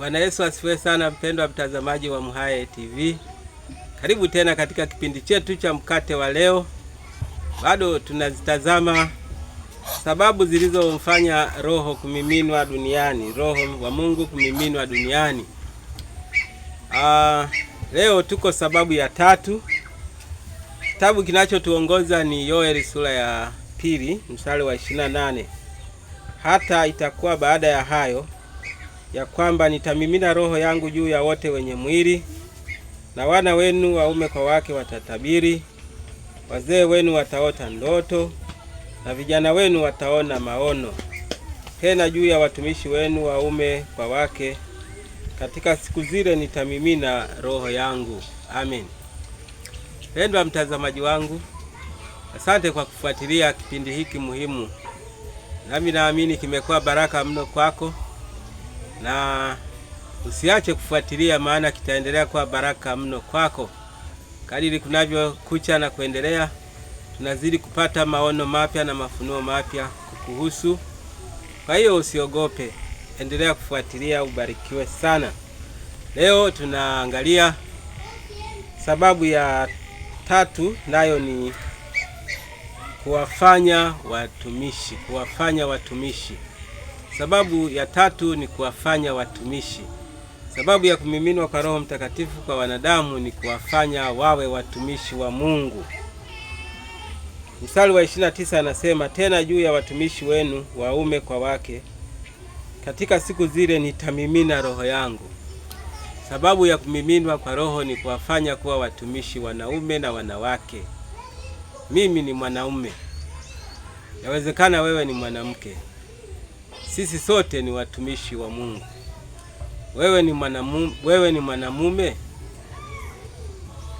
Bwana Yesu asifiwe sana, mpendwa mtazamaji wa MHAE TV, karibu tena katika kipindi chetu cha mkate wa leo. Bado tunazitazama sababu zilizomfanya Roho kumiminwa duniani, Roho wa Mungu kumiminwa duniani. Aa, ah, leo tuko sababu ya tatu. Kitabu kinachotuongoza ni Yoeli sura ya pili mstari wa 28, hata itakuwa baada ya hayo ya kwamba nitamimina roho yangu juu ya wote wenye mwili, na wana wenu waume kwa wake watatabiri, wazee wenu wataota ndoto, na vijana wenu wataona maono. Tena juu ya watumishi wenu waume kwa wake, katika siku zile nitamimina roho yangu. Amen. Pendwa mtazamaji wangu, asante kwa kufuatilia kipindi hiki muhimu, nami naamini kimekuwa baraka mno kwako na usiache kufuatilia, maana kitaendelea kuwa baraka mno kwako. Kadiri kunavyokucha na kuendelea, tunazidi kupata maono mapya na mafunuo mapya kukuhusu. Kwa hiyo usiogope, endelea kufuatilia, ubarikiwe sana. Leo tunaangalia sababu ya tatu, nayo ni kuwafanya watumishi, kuwafanya watumishi Sababu ya tatu ni kuwafanya watumishi. Sababu ya kumiminwa kwa Roho Mtakatifu kwa wanadamu ni kuwafanya wawe watumishi wa Mungu. Mstari wa 29 anasema tena, juu ya watumishi wenu waume kwa wake, katika siku zile nitamimina roho yangu. Sababu ya kumiminwa kwa Roho ni kuwafanya kuwa watumishi wanaume na wanawake. Mimi ni mwanaume, yawezekana wewe ni mwanamke sisi sote ni watumishi wa Mungu. Wewe ni mwanamume, wewe ni mwanamume,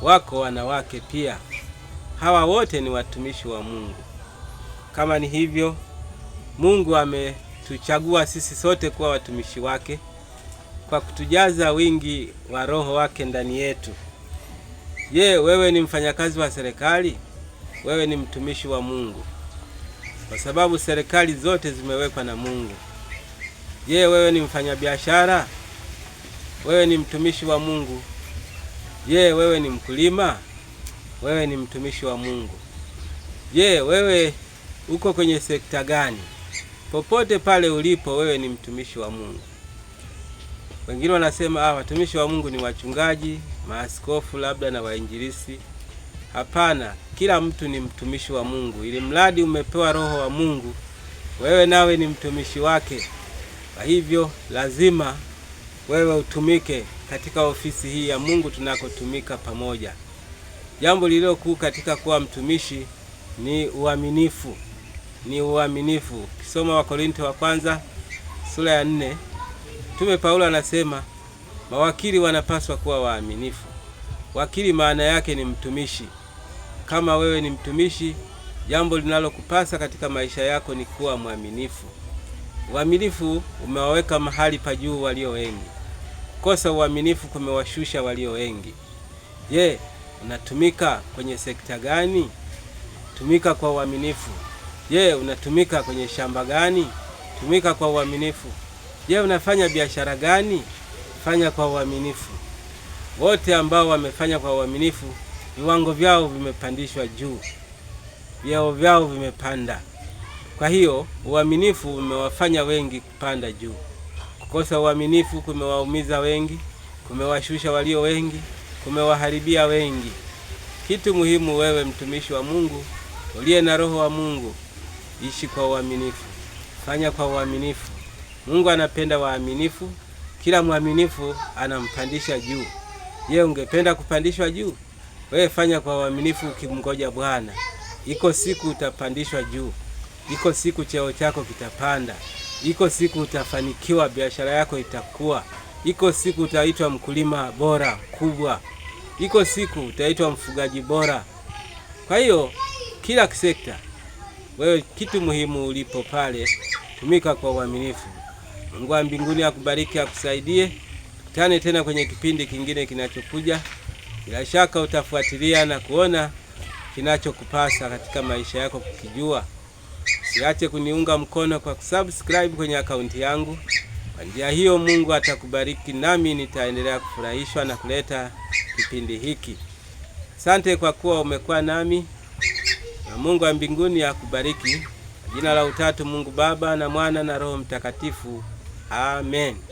wako wanawake pia, hawa wote ni watumishi wa Mungu. Kama ni hivyo, Mungu ametuchagua sisi sote kuwa watumishi wake kwa kutujaza wingi wa Roho wake ndani yetu. Je, wewe ni mfanyakazi wa serikali? Wewe ni mtumishi wa Mungu kwa sababu serikali zote zimewekwa na Mungu. Je, wewe ni mfanyabiashara? Wewe ni mtumishi wa Mungu? Je, wewe ni mkulima? Wewe ni mtumishi wa Mungu? Je, wewe uko kwenye sekta gani? Popote pale ulipo, wewe ni mtumishi wa Mungu. Wengine wanasema ah, watumishi wa Mungu ni wachungaji, maaskofu labda na wainjilisi. Hapana, kila mtu ni mtumishi wa Mungu. Ili mradi umepewa roho wa Mungu, wewe nawe ni mtumishi wake. Kwa hivyo lazima wewe utumike katika ofisi hii ya Mungu tunakotumika pamoja. Jambo lililo kuu katika kuwa mtumishi ni uaminifu, ni uaminifu. Ukisoma Wakorinto wa kwanza sura ya nne Mtume Paulo anasema mawakili wanapaswa kuwa waaminifu. Wakili maana yake ni mtumishi. Kama wewe ni mtumishi, jambo linalokupasa katika maisha yako ni kuwa mwaminifu. Uaminifu umewaweka mahali pa juu walio wengi. Kukosa uaminifu kumewashusha walio wengi. Je, unatumika kwenye sekta gani? Tumika kwa uaminifu. Je, unatumika kwenye shamba gani? Tumika kwa uaminifu. Je, unafanya biashara gani? Fanya kwa uaminifu. Wote ambao wamefanya kwa uaminifu viwango vyao vimepandishwa juu, vyao vyao vimepanda. Kwa hiyo uaminifu umewafanya wengi kupanda juu. Kukosa uaminifu kumewaumiza wengi, kumewashusha walio wengi, kumewaharibia wengi. Kitu muhimu, wewe mtumishi wa Mungu uliye na roho wa Mungu, ishi kwa uaminifu, fanya kwa uaminifu. Mungu anapenda waaminifu. Kila mwaminifu anampandisha juu. Je, ungependa kupandishwa juu? Wewe fanya kwa uaminifu ukimngoja Bwana. Iko siku utapandishwa juu, iko siku cheo chako kitapanda, iko siku utafanikiwa, biashara yako itakuwa, iko siku utaitwa mkulima bora kubwa, iko siku utaitwa mfugaji bora. Kwa hiyo kila sekta, wewe kitu muhimu ulipo pale, tumika kwa uaminifu. Mungu wa mbinguni akubariki, akusaidie. Tukutane tena kwenye kipindi kingine kinachokuja. Bila shaka utafuatilia na kuona kinachokupasa katika maisha yako kukijua. Usiache kuniunga mkono kwa kusubscribe kwenye akaunti yangu. Kwa njia hiyo Mungu atakubariki, nami nitaendelea kufurahishwa na kuleta kipindi hiki. Asante kwa kuwa umekuwa nami, na Mungu wa mbinguni akubariki. Jina la utatu Mungu Baba na Mwana na Roho Mtakatifu, amen.